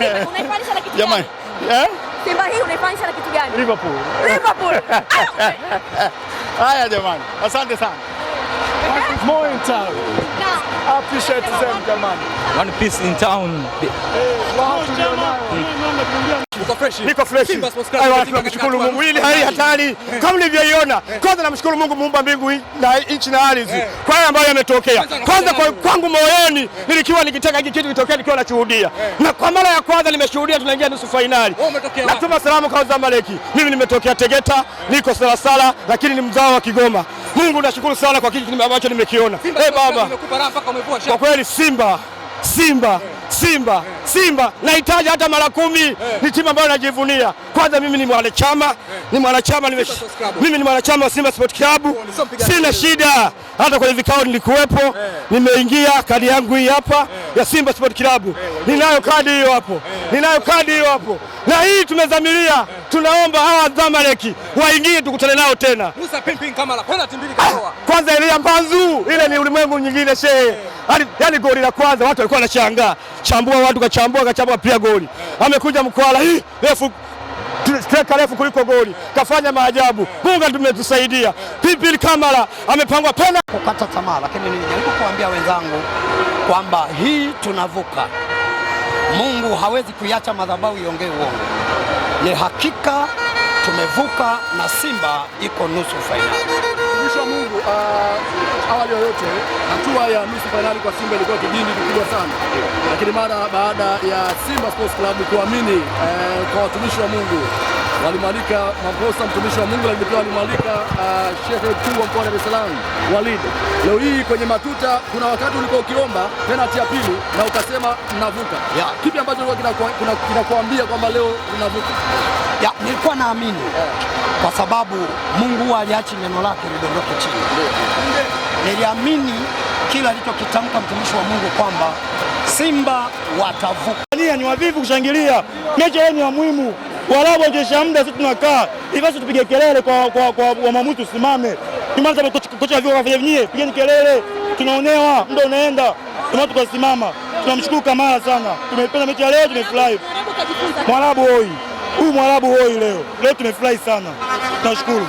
Unaifanisha na kitu gani? Eh? Simba hii unaifanisha na kitu gani? Liverpool. Liverpool. Haya jamani. Asante sana. More in town. Appreciate them jamani. One piece in town. Hey, eh, wao niko fresh. Tunamshukuru Mungu, hii hali hatari eh. kama nilivyoiona. Kwanza namshukuru Mungu muumba mbingu na nchi na ardhi eh. kwa haya ambayo yametokea. Kwanza kwangu moyoni nilikiwa nikitaka hiki kitu kitokee, nikiwa nashuhudia, eh. na kwa mara ya kwanza nimeshuhudia tunaingia nusu fainali. Natuma salamu kwa Zamaleki. Mimi nimetokea Tegeta, niko Salasala, lakini ni mzao wa Kigoma. Mungu nashukuru sana kwa kile ambacho nimekiona. Eh, baba, kwa kweli Simba Simba Simba, Simba nahitaji hata mara kumi. Ni timu ambayo najivunia. Kwanza mimi ni mwanachama, ni mwanachama, mimi ni mwanachama wa Simba Sport Club. Sina shida, hata kwenye vikao nilikuwepo, eh. nimeingia. Kadi yangu hii hapa eh. ya Simba Sport Club, eh, ninayo kadi hiyo hapo, ninayo kadi hiyo hapo, na hii tumezamilia Tunaomba hawa Zamalek waingie, tukutane nao tena. Ah, kwanza ile ya Mbanzu ile ni ulimwengu nyingine shehe, yaani, yaani goli la kwanza watu walikuwa wanashangaa chambua watu, kachambua kachambua, pia goli. Amekuja mkwala hii refu streka refu kuliko goli, kafanya maajabu. Mungu tumetusaidia. Pipili Kamara amepangwa pena kukata tamaa, lakini nilijaribu kuambia wenzangu kwamba hii tunavuka. Mungu hawezi kuiacha madhabahu iongee uongo. Ni hakika tumevuka na Simba iko nusu fainali. Mungu uh awali yoyote, hatua ya nusu fainali kwa Simba ilikuwa kijindi kikubwa sana, lakini mara baada ya Simba Sports Club kuamini eh, kwa watumishi wa Mungu walimwalika Maposa mtumishi wa Mungu, lakini pia walimwalika uh, eh, shehe mkuu wa mkoa wa Dar es Salaam Walid. Leo hii kwenye matuta, kuna wakati ulikuwa ukiomba penalti ya pili na ukasema mnavuka, yeah. Kipi ambacho kinakuambia kwamba leo unavuka? Yeah, nilikuwa naamini yeah, kwa sababu Mungu huwa aliachi neno lake lidondoke chini yeah niliamini kila alichokitamka mtumishi wa Mungu kwamba Simba watavuka. Ni wavivu kushangilia, mechi leo ni ya muhimu, Waarabu wanjesha muda, sisi tunakaa ivasi tupige kelele kwa kwa kwa wamwamuzi, tusimame imani, kocha wa pigeni kelele, tunaonewa, muda unaenda, ndio tukasimama. Tunamshukuru Kamara sana, tumependa mechi ya leo, tumefurahi. Mwarabu hoi, huyu Mwarabu hoi, leo leo tumefurahi sana, tunashukuru.